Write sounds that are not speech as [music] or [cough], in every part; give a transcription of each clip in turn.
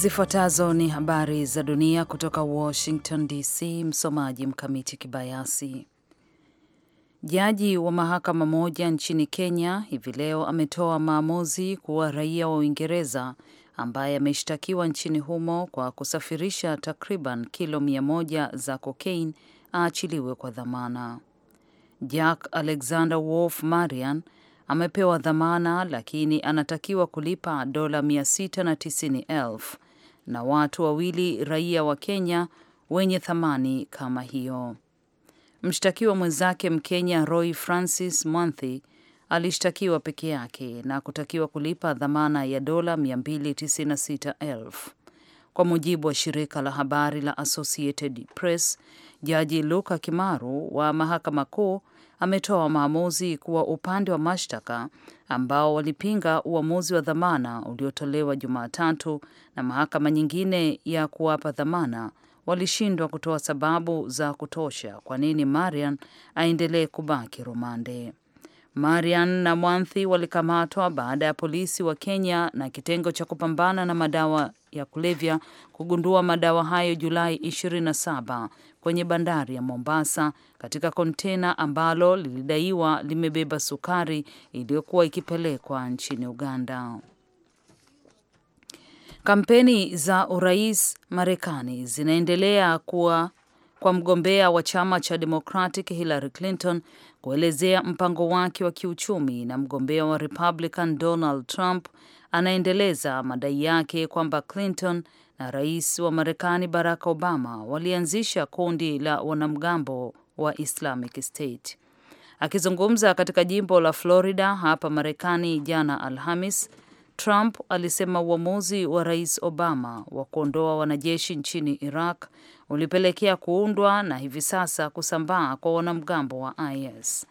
Zifuatazo ni habari za dunia kutoka Washington DC. Msomaji Mkamiti Kibayasi. Jaji wa mahakama moja nchini Kenya hivi leo ametoa maamuzi kuwa raia wa Uingereza ambaye ameshtakiwa nchini humo kwa kusafirisha takriban kilo mia moja za kokain aachiliwe kwa dhamana. Jack Alexander Wolf Marian amepewa dhamana lakini anatakiwa kulipa dola 690,000 na watu wawili raia wa Kenya wenye thamani kama hiyo. Mshtakiwa mwenzake Mkenya Roy Francis Mwanthi alishtakiwa peke yake na kutakiwa kulipa dhamana ya dola 296,000 kwa mujibu wa shirika la habari la Associated Press. Jaji Luka Kimaru wa mahakama kuu ametoa maamuzi kuwa upande wa mashtaka ambao walipinga uamuzi wa dhamana uliotolewa Jumatatu na mahakama nyingine ya kuwapa dhamana walishindwa kutoa sababu za kutosha kwa nini Marian aendelee kubaki rumande. Marian na Mwanthi walikamatwa baada ya polisi wa Kenya na kitengo cha kupambana na madawa ya kulevya kugundua madawa hayo Julai 27 kwenye bandari ya Mombasa katika kontena ambalo lilidaiwa limebeba sukari iliyokuwa ikipelekwa nchini Uganda. Kampeni za urais Marekani zinaendelea kuwa kwa mgombea wa chama cha Democratic Hillary Clinton kuelezea mpango wake wa kiuchumi na mgombea wa Republican Donald Trump anaendeleza madai yake kwamba Clinton na rais wa Marekani Barack Obama walianzisha kundi la wanamgambo wa Islamic State. Akizungumza katika jimbo la Florida hapa Marekani jana Alhamis, Trump alisema uamuzi wa rais Obama wa kuondoa wanajeshi nchini Iraq ulipelekea kuundwa na hivi sasa kusambaa kwa wanamgambo wa IS.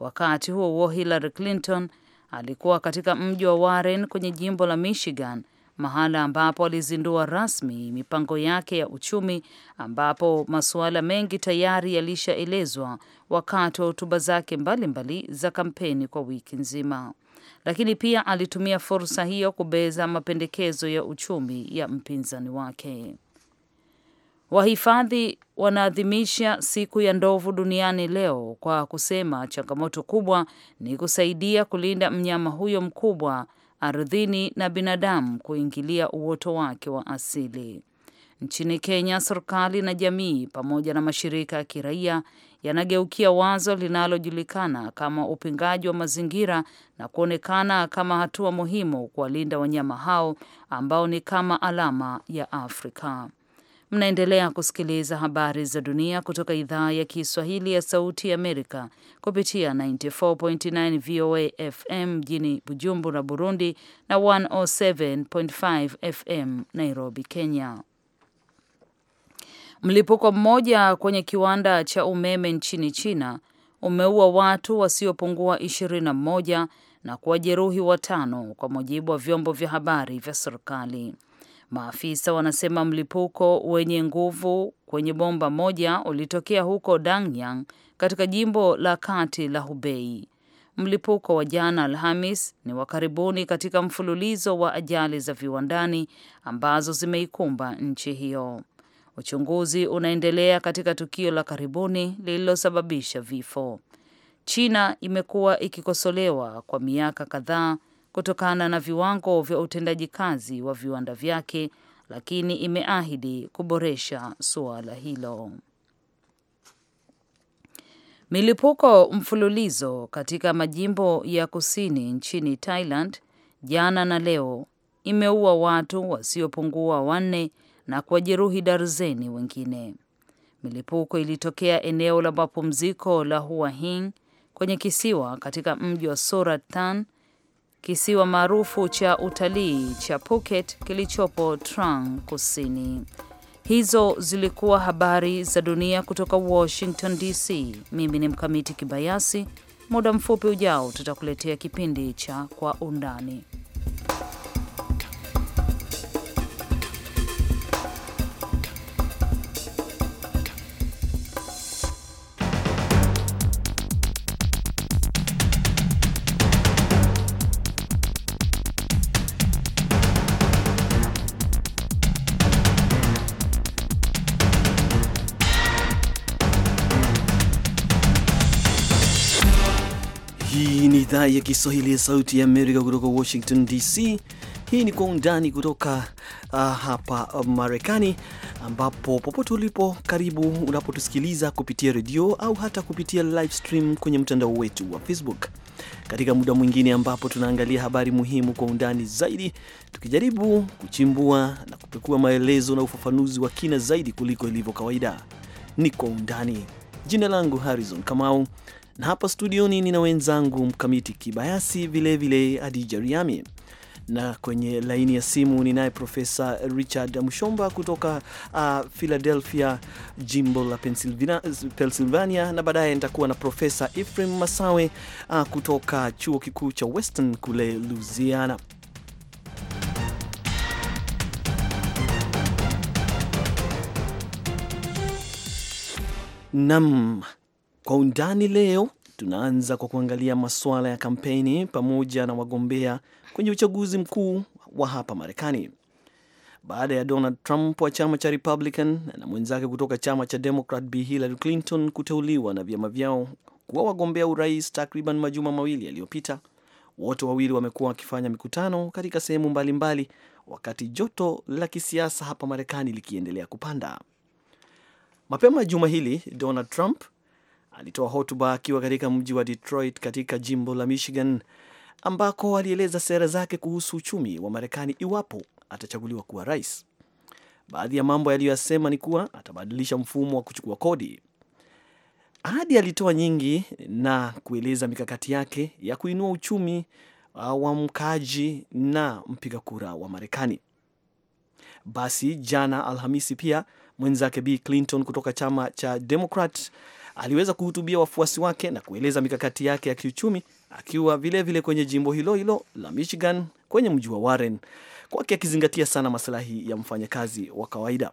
Wakati huo huo, Hillary Clinton alikuwa katika mji wa Warren kwenye jimbo la Michigan, mahala ambapo alizindua rasmi mipango yake ya uchumi, ambapo masuala mengi tayari yalishaelezwa wakati wa hotuba zake mbalimbali za kampeni kwa wiki nzima, lakini pia alitumia fursa hiyo kubeza mapendekezo ya uchumi ya mpinzani wake. Wahifadhi wanaadhimisha siku ya ndovu duniani leo kwa kusema changamoto kubwa ni kusaidia kulinda mnyama huyo mkubwa ardhini na binadamu kuingilia uoto wake wa asili. Nchini Kenya, serikali na jamii pamoja na mashirika ya kiraia yanageukia wazo linalojulikana kama upingaji wa mazingira na kuonekana kama hatua muhimu kuwalinda wanyama hao ambao ni kama alama ya Afrika. Mnaendelea kusikiliza habari za dunia kutoka idhaa ya Kiswahili ya Sauti Amerika kupitia 94.9 VOA FM mjini Bujumbura, Burundi na 107.5 FM Nairobi, Kenya. Mlipuko mmoja kwenye kiwanda cha umeme nchini China umeua watu wasiopungua 21 na kuwajeruhi watano, kwa mujibu wa vyombo vya habari vya serikali. Maafisa wanasema mlipuko wenye nguvu kwenye bomba moja ulitokea huko Dangyang katika jimbo la kati la Hubei. Mlipuko wa jana Alhamis ni wa karibuni katika mfululizo wa ajali za viwandani ambazo zimeikumba nchi hiyo. Uchunguzi unaendelea katika tukio la karibuni lililosababisha vifo. China imekuwa ikikosolewa kwa miaka kadhaa kutokana na viwango vya utendaji kazi wa viwanda vyake, lakini imeahidi kuboresha suala hilo. Milipuko mfululizo katika majimbo ya kusini nchini Thailand jana na leo imeua watu wasiopungua wanne na kuwajeruhi darzeni wengine. Milipuko ilitokea eneo la mapumziko la Hua Hin kwenye kisiwa katika mji wa Surat Thani kisiwa maarufu cha utalii cha Phuket kilichopo Trang Kusini. Hizo zilikuwa habari za dunia kutoka Washington DC. Mimi ni Mkamiti Kibayasi. Muda mfupi ujao tutakuletea kipindi cha Kwa Undani. idhaa ya Kiswahili ya Sauti ya Amerika kutoka Washington DC. Hii ni Kwa Undani kutoka uh, hapa Marekani, ambapo popote ulipo, karibu unapotusikiliza kupitia redio au hata kupitia live stream kwenye mtandao wetu wa Facebook, katika muda mwingine ambapo tunaangalia habari muhimu kwa undani zaidi, tukijaribu kuchimbua na kupekua maelezo na ufafanuzi wa kina zaidi kuliko ilivyo kawaida. Ni Kwa Undani. Jina langu Harrison Kamau, na hapa studioni nina wenzangu Mkamiti Kibayasi, vilevile Adija Riami, na kwenye laini ya simu ninaye Profesa Richard Mshomba kutoka uh, Philadelphia, jimbo la Pennsylvania, Pennsylvania. Na baadaye nitakuwa na Profesa Ephraim Masawe uh, kutoka chuo kikuu cha Western kule Louisiana. Nam, kwa undani leo tunaanza kwa kuangalia masuala ya kampeni pamoja na wagombea kwenye uchaguzi mkuu wa hapa Marekani. Baada ya Donald Trump wa chama cha Republican na mwenzake kutoka chama cha Democrat Bi Hillary Clinton kuteuliwa na vyama vyao kuwa wagombea urais takriban majuma mawili yaliyopita, wote wawili wamekuwa wakifanya mikutano katika sehemu mbalimbali, wakati joto la kisiasa hapa Marekani likiendelea kupanda. Mapema juma hili Donald Trump alitoa hotuba akiwa katika mji wa Detroit katika jimbo la Michigan, ambako alieleza sera zake kuhusu uchumi wa Marekani iwapo atachaguliwa kuwa rais. Baadhi ya mambo yaliyoyasema ni kuwa atabadilisha mfumo wa kuchukua kodi. Ahadi alitoa nyingi na kueleza mikakati yake ya kuinua uchumi uh, wa mkaaji na mpiga kura wa Marekani. Basi jana Alhamisi, pia mwenzake b Clinton kutoka chama cha Democrat Aliweza kuhutubia wafuasi wake na kueleza mikakati yake ya kiuchumi, akiwa vilevile vile kwenye jimbo hilo hilo la Michigan kwenye mji wa Warren, kwake akizingatia sana masilahi ya mfanyakazi wa kawaida.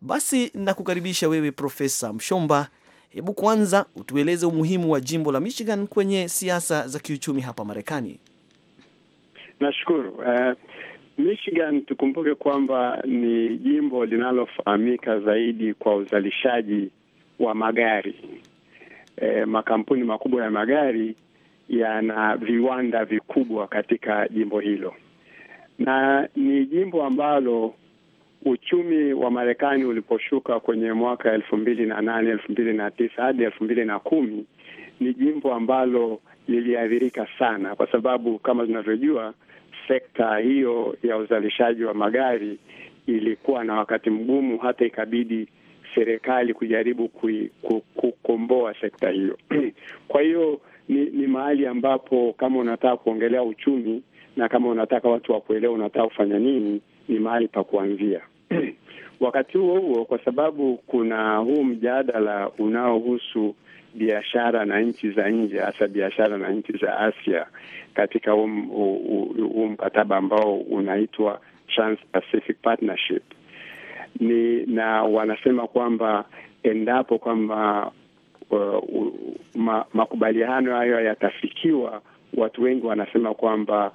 Basi na kukaribisha wewe Profesa Mshomba, hebu kwanza utueleze umuhimu wa jimbo la Michigan kwenye siasa za kiuchumi hapa Marekani. Nashukuru. Uh, Michigan tukumbuke kwamba ni jimbo linalofahamika zaidi kwa uzalishaji wa magari e, makampuni makubwa ya magari yana viwanda vikubwa katika jimbo hilo, na ni jimbo ambalo uchumi wa Marekani uliposhuka kwenye mwaka elfu mbili na nane elfu mbili na tisa hadi elfu mbili na kumi ni jimbo ambalo liliathirika sana, kwa sababu kama tunavyojua sekta hiyo ya uzalishaji wa magari ilikuwa na wakati mgumu, hata ikabidi serikali kujaribu kukomboa sekta hiyo. [clears throat] Kwa hiyo ni, ni mahali ambapo kama unataka kuongelea uchumi na kama unataka watu wakuelewa unataka kufanya nini, ni mahali pa kuanzia. [clears throat] Wakati huo huo, kwa sababu kuna huu mjadala unaohusu biashara na nchi za nje, hasa biashara na nchi za Asia katika huu mkataba ambao unaitwa Trans-Pacific Partnership ni na wanasema kwamba endapo kwamba uh, ma, makubaliano hayo yatafikiwa, watu wengi wanasema kwamba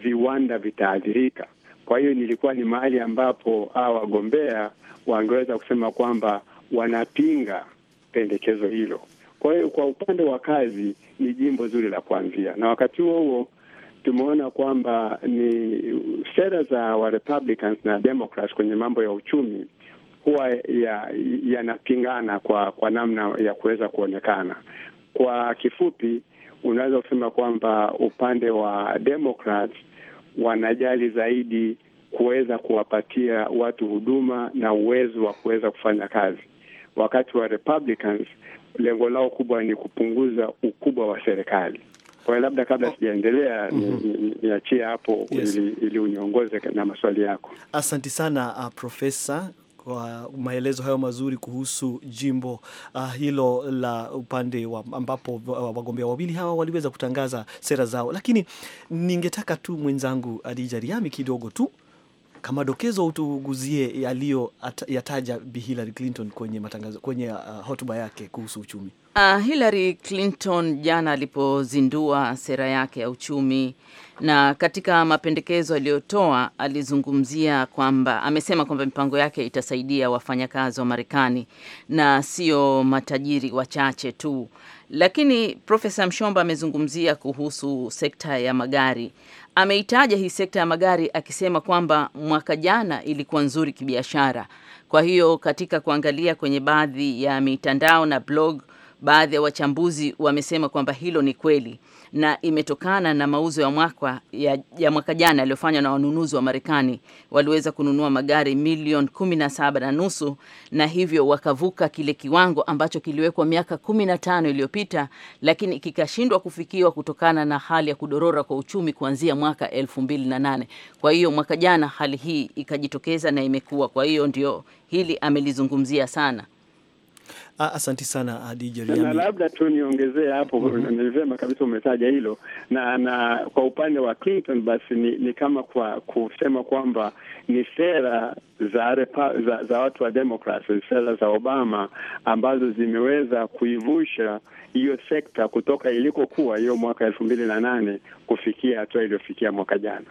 viwanda vitaathirika. Kwa hiyo nilikuwa ni mahali ambapo hawa wagombea wangeweza kusema kwamba wanapinga pendekezo hilo. Kwa hiyo kwa upande wa kazi ni jimbo zuri la kuanzia, na wakati huo huo tumeona kwamba ni sera za wa Republicans na Democrats kwenye mambo ya uchumi huwa yanapingana ya kwa kwa namna ya kuweza kuonekana. Kwa kifupi, unaweza kusema kwamba upande wa Democrats wanajali zaidi kuweza kuwapatia watu huduma na uwezo wa kuweza kufanya kazi, wakati wa Republicans lengo lao kubwa ni kupunguza ukubwa wa serikali. Kwa labda kabla oh. sijaendelea mhm. niachie hapo ili uniongoze na maswali yako. Asanti sana uh, Profesa kwa maelezo hayo mazuri kuhusu jimbo uh, hilo la upande wa ambapo wagombea wawili hawa waliweza kutangaza sera zao, lakini ningetaka tu mwenzangu Adija Riami kidogo tu kama dokezo utuguzie yaliyo yataja Bi Hillary Clinton kwenye matangazo, kwenye uh, hotuba yake kuhusu uchumi. Uh, Hillary Clinton jana alipozindua sera yake ya uchumi na katika mapendekezo aliyotoa alizungumzia kwamba amesema kwamba mipango yake itasaidia wafanyakazi wa Marekani na sio matajiri wachache tu. Lakini Profesa Mshomba amezungumzia kuhusu sekta ya magari. Ameitaja hii sekta ya magari akisema kwamba mwaka jana ilikuwa nzuri kibiashara. Kwa hiyo katika kuangalia kwenye baadhi ya mitandao na blog baadhi ya wachambuzi wamesema kwamba hilo ni kweli na imetokana na mauzo ya mwaka, ya, ya mwaka jana yaliyofanywa na wanunuzi wa Marekani. Waliweza kununua magari milioni kumi na saba na nusu na hivyo wakavuka kile kiwango ambacho kiliwekwa miaka kumi na tano iliyopita, lakini kikashindwa kufikiwa kutokana na hali ya kudorora kwa uchumi kuanzia mwaka elfu mbili na nane. Kwa hiyo mwaka jana hali hii ikajitokeza na imekuwa, kwa hiyo ndio hili amelizungumzia sana. Ah, asanti sana Adija ah, Riami. Na labda tu niongezee hapo mm -hmm. Ni vema kabisa umetaja hilo na na kwa upande wa Clinton basi ni, ni kama kwa kusema kwamba ni sera za, repa, za za watu wa Democrats, sera za Obama ambazo zimeweza kuivusha hiyo sekta kutoka ilikokuwa hiyo mwaka elfu mbili na nane kufikia hatua iliyofikia mwaka jana.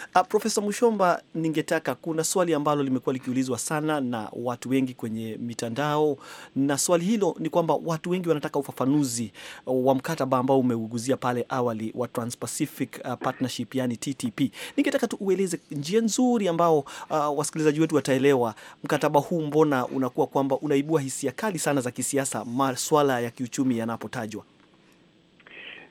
Uh, ah, Profesa Mushomba, ningetaka kuna swali ambalo limekuwa likiulizwa sana na watu wengi kwenye mitandao, na swali hilo ni kwamba watu wengi wanataka ufafanuzi wa mkataba ambao umeuguzia pale awali wa Trans-Pacific ah, Partnership, yani TTP. Ningetaka tu ueleze njia nzuri ambao uh, wasikilizaji wetu wataelewa mkataba huu, mbona unakuwa kwamba unaibua hisia kali sana za kisiasa, maswala ya kiuchumi yanapotajwa.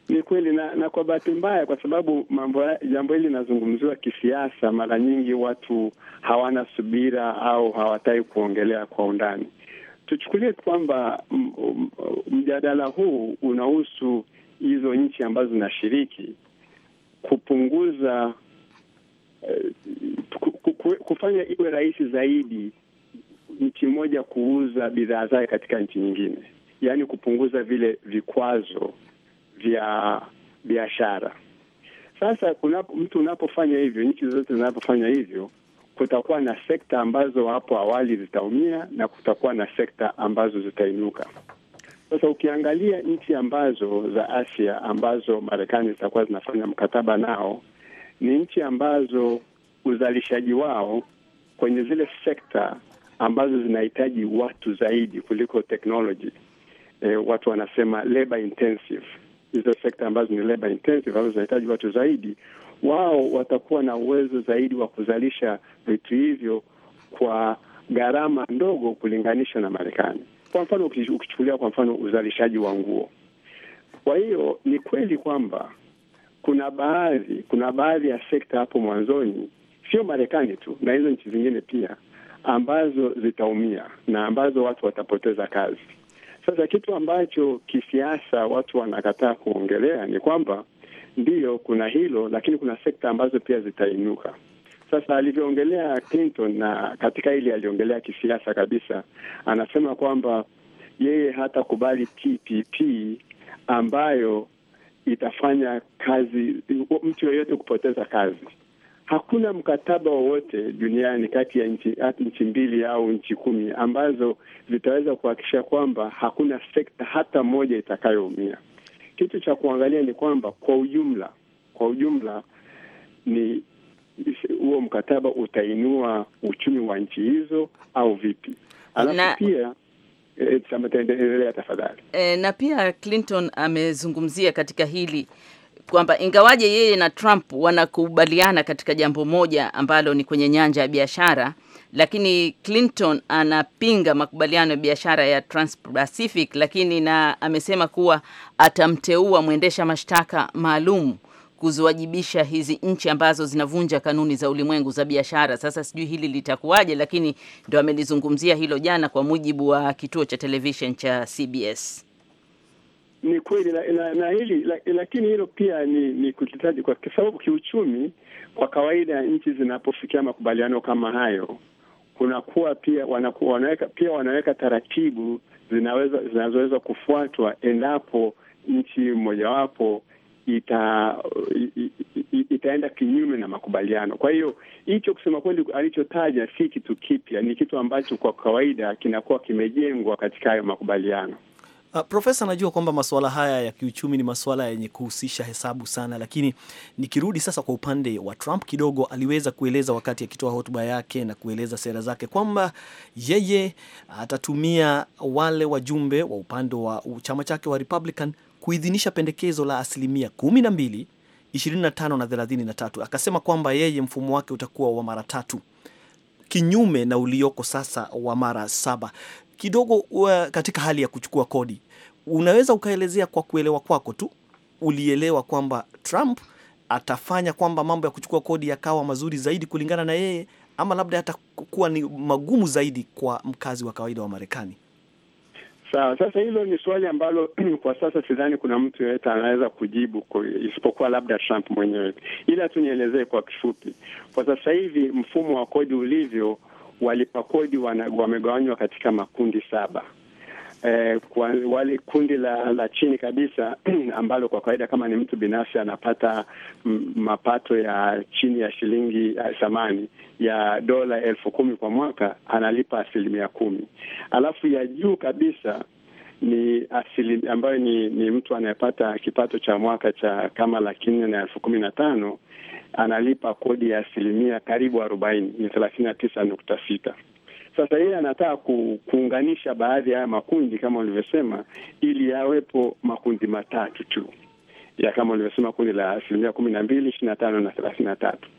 Ni kweli na, na kwa bahati mbaya, kwa sababu mambo jambo hili linazungumziwa kisiasa, mara nyingi watu hawana subira au hawataki kuongelea kwa undani. Tuchukulie kwamba mjadala huu unahusu hizo nchi ambazo zinashiriki kupunguza eh, kufanya iwe rahisi zaidi nchi moja kuuza bidhaa zake katika nchi nyingine, yaani kupunguza vile vikwazo vya biashara. Sasa kuna, mtu unapofanya hivyo, nchi zote zinapofanya hivyo, kutakuwa na sekta ambazo hapo awali zitaumia na kutakuwa na sekta ambazo zitainuka. Sasa ukiangalia nchi ambazo za Asia ambazo Marekani zitakuwa zinafanya mkataba nao ni nchi ambazo uzalishaji wao kwenye zile sekta ambazo zinahitaji watu zaidi kuliko teknoloji. E, eh, watu wanasema labor intensive hizo sekta ambazo ni labor intensive ambazo zinahitaji watu zaidi, wao watakuwa na uwezo zaidi wa kuzalisha vitu hivyo kwa gharama ndogo kulinganisha na Marekani. Kwa mfano, ukichukulia kwa mfano uzalishaji wa nguo. Kwa hiyo ni kweli kwamba kuna baadhi kuna baadhi ya sekta hapo mwanzoni, sio Marekani tu, na hizo nchi zingine pia ambazo zitaumia na ambazo watu watapoteza kazi. Sasa kitu ambacho kisiasa watu wanakataa kuongelea ni kwamba ndiyo kuna hilo, lakini kuna sekta ambazo pia zitainuka. Sasa alivyoongelea Clinton na katika hili aliongelea kisiasa kabisa, anasema kwamba yeye hatakubali TPP ambayo itafanya kazi mtu yoyote kupoteza kazi. Hakuna mkataba wowote duniani kati ya nchi, nchi mbili au nchi kumi ambazo zitaweza kuhakikisha kwamba hakuna sekta hata moja itakayoumia. Kitu cha kuangalia ni kwamba kwa ujumla, kwa ujumla ni huo mkataba utainua uchumi wa nchi hizo au vipi? Alafu na... pia e, tafadhali e, na pia Clinton amezungumzia katika hili kwamba ingawaje yeye na Trump wanakubaliana katika jambo moja ambalo ni kwenye nyanja ya biashara, lakini Clinton anapinga makubaliano ya biashara ya Trans-Pacific, lakini na amesema kuwa atamteua mwendesha mashtaka maalum kuziwajibisha hizi nchi ambazo zinavunja kanuni za ulimwengu za biashara. Sasa sijui hili litakuwaje, lakini ndo amelizungumzia hilo jana, kwa mujibu wa kituo cha television cha CBS ni kweli na, na, na hili la, lakini hilo pia ni, ni kujitaji kwa sababu kiuchumi, kwa kawaida nchi zinapofikia makubaliano kama hayo kunakuwa pia wanakuwa, wanaweka pia wanaweka taratibu zinaweza zinazoweza kufuatwa endapo nchi mmojawapo ita, itaenda kinyume na makubaliano. Kwa hiyo hicho kusema kweli alichotaja si kitu kipya, ni kitu ambacho kwa kawaida kinakuwa kimejengwa katika hayo makubaliano. Uh, Profesa, najua kwamba masuala haya ya kiuchumi ni masuala yenye kuhusisha hesabu sana, lakini nikirudi sasa kwa upande wa Trump kidogo, aliweza kueleza wakati akitoa ya hotuba yake na kueleza sera zake kwamba yeye atatumia wale wajumbe wa upande wa chama chake wa Republican kuidhinisha pendekezo la asilimia kumi na mbili, ishirini na tano na thelathini na tatu. Akasema kwamba yeye mfumo wake utakuwa wa mara tatu kinyume na ulioko sasa wa mara saba kidogo katika hali ya kuchukua kodi. Unaweza ukaelezea kwa kuelewa kwako tu, ulielewa kwamba Trump atafanya kwamba mambo ya kuchukua kodi yakawa mazuri zaidi kulingana na yeye, ama labda yatakuwa ni magumu zaidi kwa mkazi wa kawaida wa Marekani? Sawa. Sasa hilo ni swali ambalo [clears throat] kwa sasa sidhani kuna mtu yeyote anaweza kujibu isipokuwa labda Trump mwenyewe, ila tu nielezee kwa kifupi. Kwa sasa hivi mfumo wa kodi ulivyo walipa kodi wamegawanywa katika makundi saba. E, kwa wale kundi la, la chini kabisa [clears throat] ambalo kwa kawaida kama ni mtu binafsi anapata mapato ya chini ya shilingi thamani ya dola elfu kumi kwa mwaka analipa asilimia kumi. Alafu ya juu kabisa ni asili, ambayo ni, ni mtu anayepata kipato cha mwaka cha kama laki nne na elfu kumi na tano analipa kodi ya asilimia karibu arobaini ni thelathini na tisa nukta sita. Sasa yeye anataka ku, kuunganisha baadhi ya haya makundi kama ulivyosema, ili yawepo makundi matatu tu ya kama ulivyosema kundi la asilimia kumi na mbili ishirini na tano na thelathini na tatu.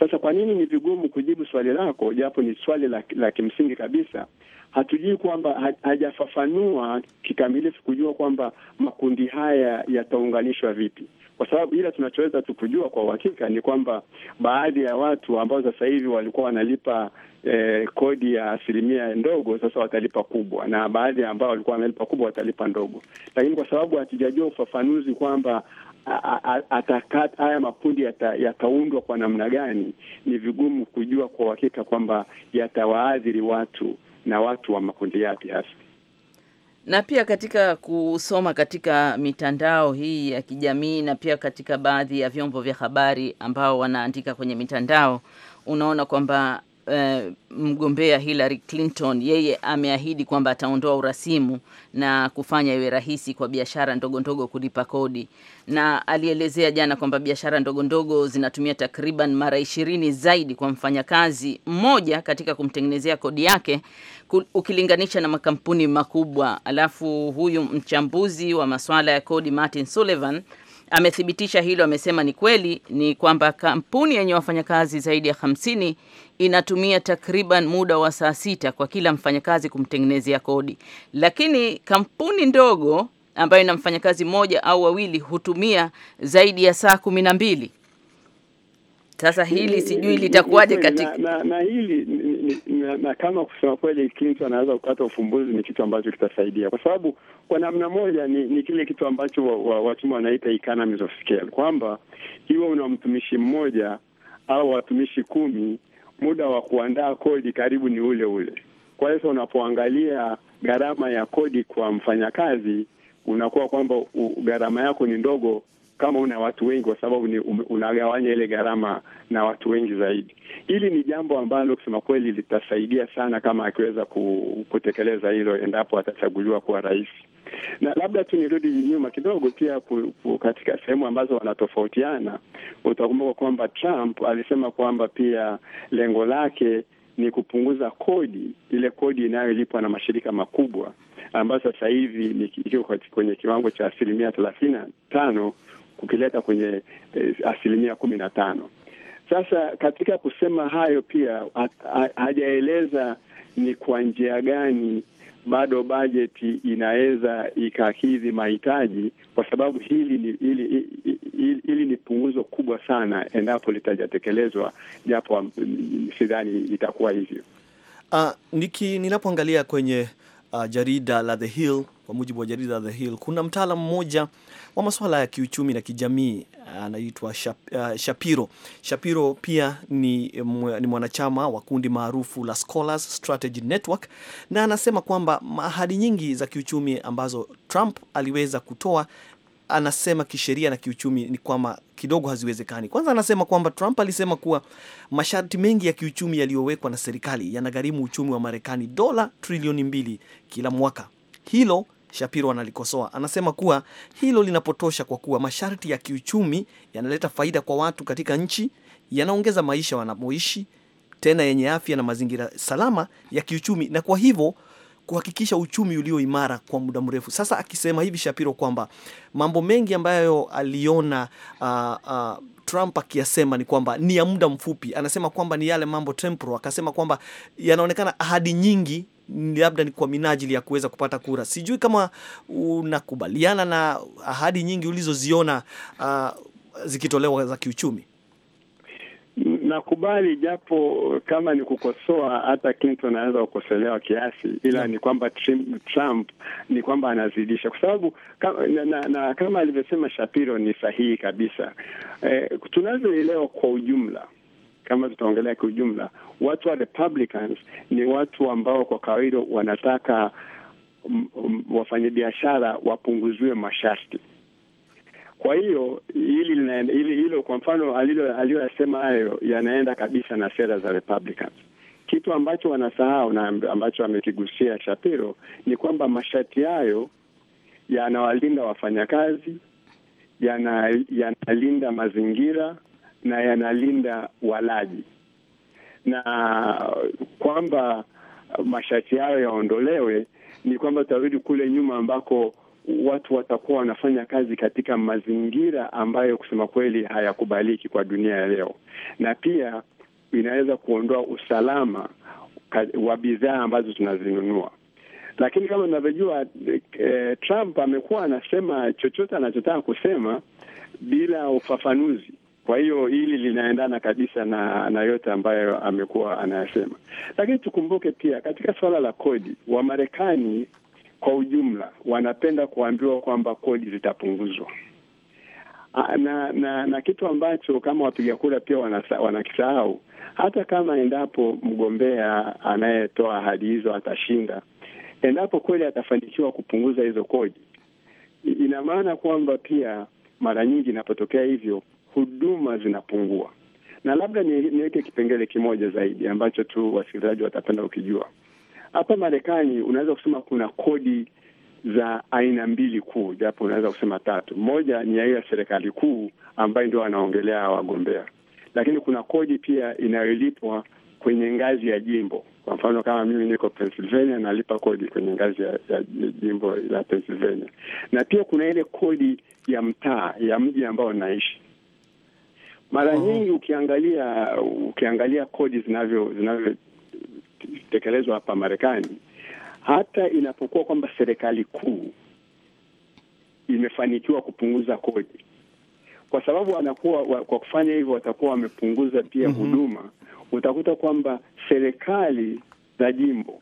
Sasa kwa nini ni vigumu kujibu swali lako, japo ni swali la, la kimsingi kabisa? Hatujui kwamba hajafafanua kikamilifu kujua kwamba makundi haya yataunganishwa vipi kwa sababu, ila tunachoweza tukujua kwa uhakika ni kwamba baadhi ya watu ambao sasa hivi walikuwa wanalipa eh, kodi ya asilimia ndogo, sasa watalipa kubwa, na baadhi ambao walikuwa wanalipa kubwa watalipa ndogo, lakini kwa sababu hatujajua ufafanuzi kwamba atakat haya makundi yataundwa yata kwa namna gani, ni vigumu kujua kwa uhakika kwamba yatawaadhiri watu na watu wa makundi yapi hasa na pia katika kusoma katika mitandao hii ya kijamii na pia katika baadhi ya vyombo vya habari ambao wanaandika kwenye mitandao, unaona kwamba Eh, mgombea Hillary Clinton yeye ameahidi kwamba ataondoa urasimu na kufanya iwe rahisi kwa biashara ndogo ndogo kulipa kodi, na alielezea jana kwamba biashara ndogo ndogo zinatumia takriban mara ishirini zaidi kwa mfanyakazi mmoja katika kumtengenezea kodi yake ukilinganisha na makampuni makubwa. Alafu huyu mchambuzi wa masuala ya kodi Martin Sullivan amethibitisha hilo, amesema ni kweli ni kwamba kampuni yenye wafanyakazi zaidi ya 50 inatumia takriban muda wa saa sita kwa kila mfanyakazi kumtengenezea kodi, lakini kampuni ndogo ambayo ina mfanyakazi mmoja au wawili hutumia zaidi ya saa kumi na mbili. Sasa hili sijui litakuwaje katika na, na, na hili na, na, na kama kusema kweli Clinton anaweza kupata ufumbuzi, ni kitu ambacho kitasaidia, kwa sababu kwa namna moja ni, ni kile kitu ambacho wachuma wanaita economies of scale, kwamba iwe una mtumishi mmoja au watumishi kumi, muda wa kuandaa kodi karibu ni ule ule. Kwa hiyo unapoangalia gharama ya kodi kwa mfanyakazi, unakuwa kwamba gharama yako ni ndogo kama una watu wengi, kwa sababu unagawanya ile gharama na watu wengi zaidi. Hili ni jambo ambalo kusema kweli litasaidia sana kama akiweza kutekeleza hilo, endapo atachaguliwa kuwa rais. Na labda tu nirudi nyuma kidogo, pia ku, ku, katika sehemu ambazo wanatofautiana, utakumbuka kwamba Trump alisema kwamba pia lengo lake ni kupunguza kodi, ile kodi inayolipwa na mashirika makubwa ambayo sasa hivi iko kwenye kiwango cha asilimia thelathini na tano kukileta kwenye eh, asilimia kumi na tano. Sasa katika kusema hayo pia hajaeleza ni kwa njia gani bado bajeti inaweza ikakidhi mahitaji, kwa sababu hili ni hili, hili, hili, ni punguzo kubwa sana endapo litajatekelezwa, japo sidhani itakuwa hivyo. Uh, niki ninapoangalia kwenye uh, jarida la The Hill. Kwa mujibu wa jarida la The Hill, kuna mtaalamu mmoja wa masuala ya kiuchumi na kijamii uh, anaitwa Shap, uh, Shapiro. Shapiro pia ni, um, ni mwanachama wa kundi maarufu la Scholars Strategy Network, na anasema kwamba ahadi nyingi za kiuchumi ambazo Trump aliweza kutoa anasema kisheria na kiuchumi ni kwamba kidogo haziwezekani. Kwanza anasema kwamba Trump alisema kuwa masharti mengi ya kiuchumi yaliyowekwa na serikali yanagharimu uchumi wa Marekani dola trilioni mbili kila mwaka. Hilo Shapiro analikosoa, anasema kuwa hilo linapotosha kwa kuwa masharti ya kiuchumi yanaleta faida kwa watu katika nchi, yanaongeza maisha wanamoishi, tena yenye afya na mazingira salama ya kiuchumi, na kwa hivyo kuhakikisha uchumi ulio imara kwa muda mrefu. Sasa akisema hivi Shapiro kwamba mambo mengi ambayo aliona uh, uh, Trump akiyasema ni kwamba ni ya muda mfupi, anasema kwamba ni yale mambo temporal, akasema kwamba yanaonekana ahadi nyingi labda ni kwa minajili ya kuweza kupata kura. Sijui kama unakubaliana na ahadi nyingi ulizoziona uh, zikitolewa za kiuchumi. Nakubali, japo kama ni kukosoa, hata Clinton anaweza kukosolewa kiasi, ila ni kwamba Trump ni kwamba anazidisha, kwa sababu kama, na, na, na, kama alivyosema Shapiro ni sahihi kabisa. Eh, tunazoelewa kwa ujumla kama tutaongelea kiujumla watu wa Republicans ni watu ambao kwa kawaida wanataka wafanyabiashara wapunguziwe masharti kwa hiyo hili hili hilo, kwa mfano aliyoyasema hayo yanaenda kabisa na sera za Republicans. Kitu ambacho wanasahau na ambacho amekigusia Shapiro ni kwamba masharti hayo yanawalinda wafanyakazi, yanalinda yana mazingira na yanalinda walaji, na kwamba masharti hayo yaondolewe ni kwamba tutarudi kule nyuma ambako watu watakuwa wanafanya kazi katika mazingira ambayo kusema kweli hayakubaliki kwa dunia ya leo, na pia inaweza kuondoa usalama wa bidhaa ambazo tunazinunua. Lakini kama unavyojua eh, Trump amekuwa anasema chochote anachotaka kusema bila ufafanuzi. Kwa hiyo hili linaendana kabisa na, na yote ambayo amekuwa anayasema. Lakini tukumbuke pia katika suala la kodi, Wamarekani kwa ujumla wanapenda kuambiwa kwamba kodi zitapunguzwa ah, na, na na kitu ambacho kama wapiga kura pia wanakisahau, hata kama endapo mgombea anayetoa ahadi hizo atashinda, endapo kweli atafanikiwa kupunguza hizo kodi, ina maana kwamba pia mara nyingi inapotokea hivyo huduma zinapungua. Na labda niweke kipengele kimoja zaidi ambacho tu wasikilizaji watapenda ukijua. Hapa Marekani unaweza kusema kuna kodi za aina mbili kuu, japo unaweza kusema tatu. Moja ni ya ile serikali kuu ambayo ndio wanaongelea wagombea, lakini kuna kodi pia inayolipwa kwenye ngazi ya jimbo. Kwa mfano kama mimi niko Pennsylvania, nalipa kodi kwenye ngazi ya, ya jimbo la Pennsylvania, na pia kuna ile kodi ya mtaa ya mji ambao naishi. Mara nyingi ukiangalia ukiangalia kodi zinavyo zinavyo tekelezwa hapa Marekani, hata inapokuwa kwamba serikali kuu imefanikiwa kupunguza kodi, kwa sababu wanakuwa kwa kufanya hivyo watakuwa wamepunguza pia mm -hmm. huduma. Utakuta kwamba serikali za jimbo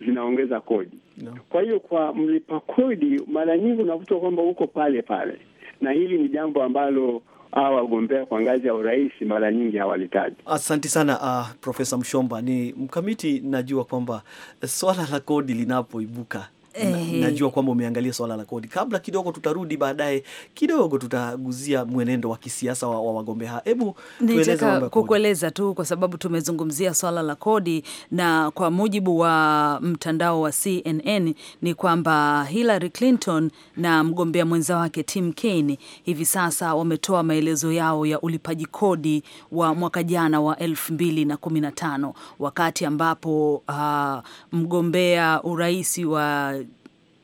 zinaongeza kodi no. Kwa hiyo kwa mlipa kodi mara nyingi unakuta kwamba uko pale pale, na hili ni jambo ambalo hawa wagombea kwa ngazi ya urais mara nyingi hawalitaji. Asante sana uh, Profesa Mshomba. Ni mkamiti, najua kwamba eh, swala la kodi linapoibuka na, eh. najua kwamba umeangalia swala la kodi. Kabla kidogo tutarudi baadaye kidogo tutaguzia mwenendo wa kisiasa wa, wa wagombea. Hebu tueleze kukueleza tu kwa sababu tumezungumzia swala la kodi, na kwa mujibu wa mtandao wa CNN ni kwamba Hillary Clinton na mgombea mwenza wake Tim Kaine hivi sasa wametoa maelezo yao ya ulipaji kodi wa mwaka jana wa 2015 wakati ambapo uh, mgombea uraisi wa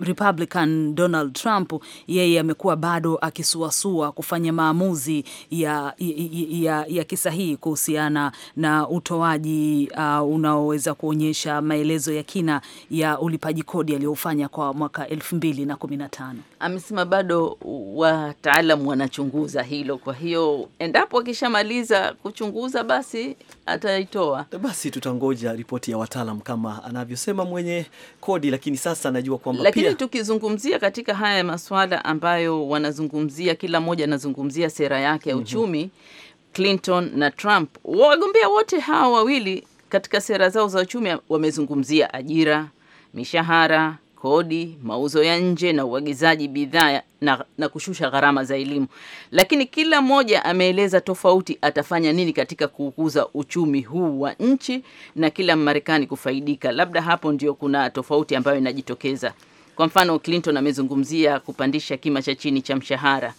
Republican Donald Trump yeye amekuwa bado akisuasua kufanya maamuzi ya, ya, ya kisahihi kuhusiana na utoaji uh, unaoweza kuonyesha maelezo ya kina ya ulipaji kodi aliyofanya kwa mwaka 2015. Amesema bado wataalamu wanachunguza hilo, kwa hiyo endapo akishamaliza kuchunguza basi ataitoa. Eh, basi tutangoja ripoti ya wataalam kama anavyosema mwenye kodi, lakini sasa najua kwamba lakini pia... tukizungumzia katika haya masuala ambayo wanazungumzia, kila mmoja anazungumzia sera yake ya mhm. uchumi mm -hmm. Clinton na Trump, wagombea wote hawa wawili katika sera zao za uchumi wamezungumzia ajira, mishahara kodi, mauzo ya nje na uagizaji bidhaa na, na kushusha gharama za elimu. Lakini kila mmoja ameeleza tofauti atafanya nini katika kukuza uchumi huu wa nchi na kila Mmarekani kufaidika. Labda hapo ndio kuna tofauti ambayo inajitokeza. Kwa mfano, Clinton amezungumzia kupandisha kima cha chini cha mshahara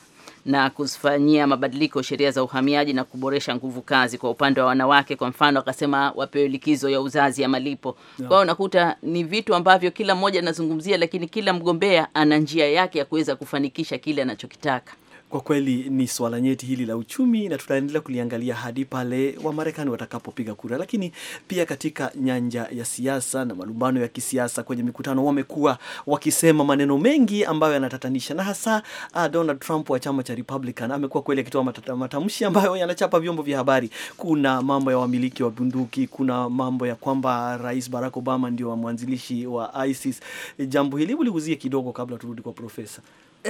na kufanyia mabadiliko sheria za uhamiaji na kuboresha nguvu kazi kwa upande wa wanawake. Kwa mfano, akasema wapewe likizo ya uzazi ya malipo yeah. Kwa hiyo unakuta ni vitu ambavyo kila mmoja anazungumzia, lakini kila mgombea ana njia yake ya kuweza kufanikisha kile anachokitaka. Kwa kweli ni swala nyeti hili la uchumi, na tutaendelea kuliangalia hadi pale Wamarekani watakapopiga kura. Lakini pia katika nyanja ya siasa na malumbano ya kisiasa, kwenye mikutano wamekuwa wakisema maneno mengi ambayo yanatatanisha, na hasa uh, Donald Trump wa chama cha Republican amekuwa kweli akitoa matamshi ambayo yanachapa vyombo vya habari. Kuna mambo ya wamiliki wa bunduki, kuna mambo ya kwamba Rais Barack Obama ndio mwanzilishi wa ISIS. Jambo hili liguzie kidogo kabla turudi kwa profesa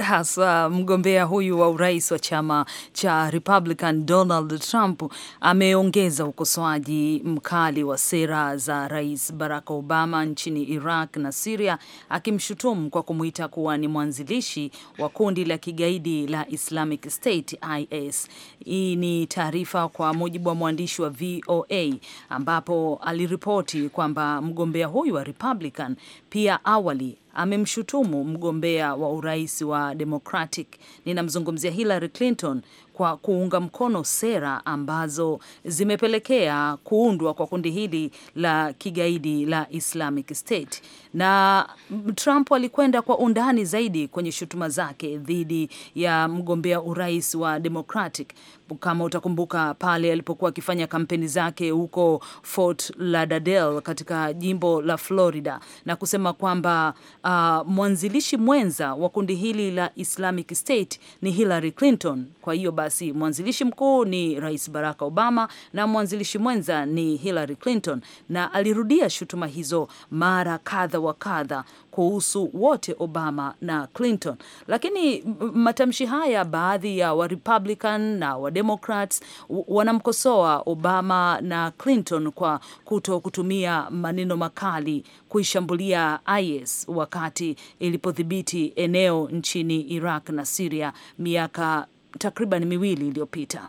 hasa mgombea huyu wa urais wa chama cha Republican Donald Trump ameongeza ukosoaji mkali wa sera za Rais Barack Obama nchini Iraq na Siria, akimshutumu kwa kumwita kuwa ni mwanzilishi wa kundi la kigaidi la Islamic State IS. Hii ni taarifa kwa mujibu wa mwandishi wa VOA, ambapo aliripoti kwamba mgombea huyu wa Republican pia awali amemshutumu mgombea wa urais wa Democratic, ninamzungumzia Hillary Clinton kwa kuunga mkono sera ambazo zimepelekea kuundwa kwa kundi hili la kigaidi la Islamic State. Na Trump alikwenda kwa undani zaidi kwenye shutuma zake dhidi ya mgombea urais wa Democratic kama utakumbuka pale alipokuwa akifanya kampeni zake huko Fort Lauderdale katika jimbo la Florida, na kusema kwamba uh, mwanzilishi mwenza wa kundi hili la Islamic State ni Hillary Clinton. Kwa hiyo basi mwanzilishi mkuu ni Rais Barack Obama na mwanzilishi mwenza ni Hillary Clinton, na alirudia shutuma hizo mara kadha wa kadha kuhusu wote Obama na Clinton. Lakini matamshi haya, baadhi ya wa Republican na wa Democrats wanamkosoa Obama na Clinton kwa kuto kutumia maneno makali kuishambulia IS wakati ilipodhibiti eneo nchini Iraq na Syria miaka takriban miwili iliyopita.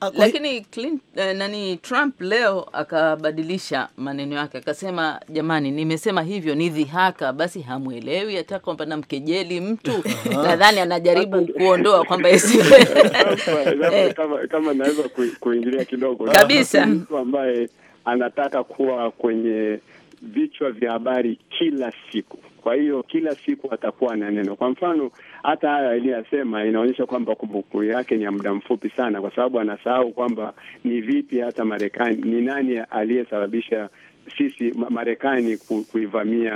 Ah, Lakini Clint, eh, nani Trump leo akabadilisha maneno yake akasema, jamani, nimesema hivyo ni dhihaka, basi hamwelewi hata kwamba namkejeli mtu [laughs] nadhani anajaribu kuondoa kwamba [laughs] [laughs] eh. kama, kama naweza kuingilia kidogo kabisa, mtu ambaye anataka kuwa kwenye vichwa vya habari kila siku kwa hiyo kila siku atakuwa na neno. Kwa mfano hata haya aliyasema inaonyesha kwamba kumbukumbu yake ni ya muda mfupi sana, kwa sababu anasahau kwamba ni vipi hata Marekani, ni nani aliyesababisha sisi Marekani kuivamia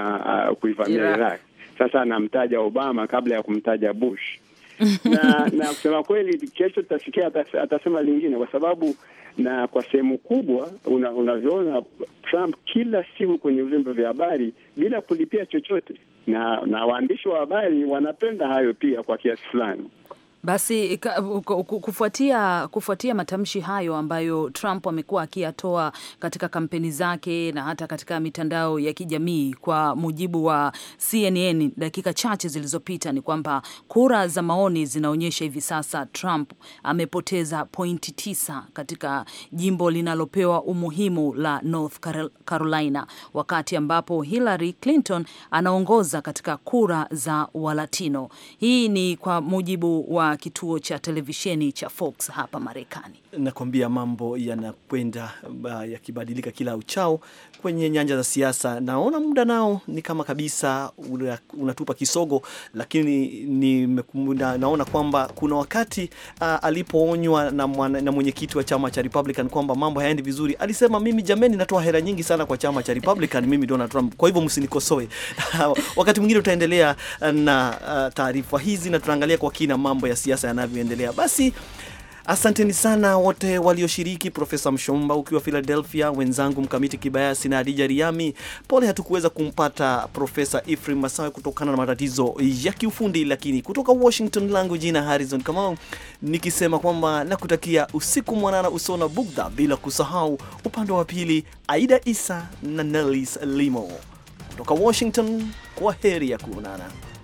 uh, kuivamia yeah. Iraq. Sasa anamtaja Obama kabla ya kumtaja Bush [laughs] na na kusema kweli, kesho tutasikia atasema lingine, kwa sababu na kwa sehemu kubwa unavyoona una Trump kila siku kwenye vyombo vya habari bila kulipia chochote, na na waandishi wa habari wanapenda hayo pia kwa kiasi fulani. Basi kufuatia, kufuatia matamshi hayo ambayo Trump amekuwa akiyatoa katika kampeni zake na hata katika mitandao ya kijamii, kwa mujibu wa CNN dakika chache zilizopita, ni kwamba kura za maoni zinaonyesha hivi sasa Trump amepoteza pointi tisa katika jimbo linalopewa umuhimu la North Carolina, wakati ambapo Hillary Clinton anaongoza katika kura za Walatino. Hii ni kwa mujibu wa kituo cha televisheni cha Fox hapa Marekani. Nakwambia mambo yanakwenda yakibadilika kila uchao kwenye nyanja za siasa, naona muda nao ni kama kabisa unatupa kisogo, lakini ni, naona kwamba kuna wakati uh, alipoonywa na, na mwenyekiti wa chama cha Republican kwamba mambo hayaendi vizuri, alisema mimi jameni, natoa hera nyingi sana kwa chama cha Republican, mimi Donald Trump, kwa hivyo msinikosoe. [laughs] Wakati mwingine tutaendelea na uh, taarifa hizi na tutaangalia kwa kina mambo ya siasa yanavyoendelea. Basi Asanteni sana wote walioshiriki, Profesa Mshomba ukiwa Philadelphia, wenzangu Mkamiti Kibayasi na Adija Riami. Pole hatukuweza kumpata Profesa Ifrim Masawe kutokana na matatizo ya kiufundi, lakini kutoka Washington langu jina Harrison Kamau nikisema kwamba nakutakia usiku mwanana usona bugdha, bila kusahau upande wa pili Aida Isa na Nelis Limo kutoka Washington. Kwa heri ya kuonana.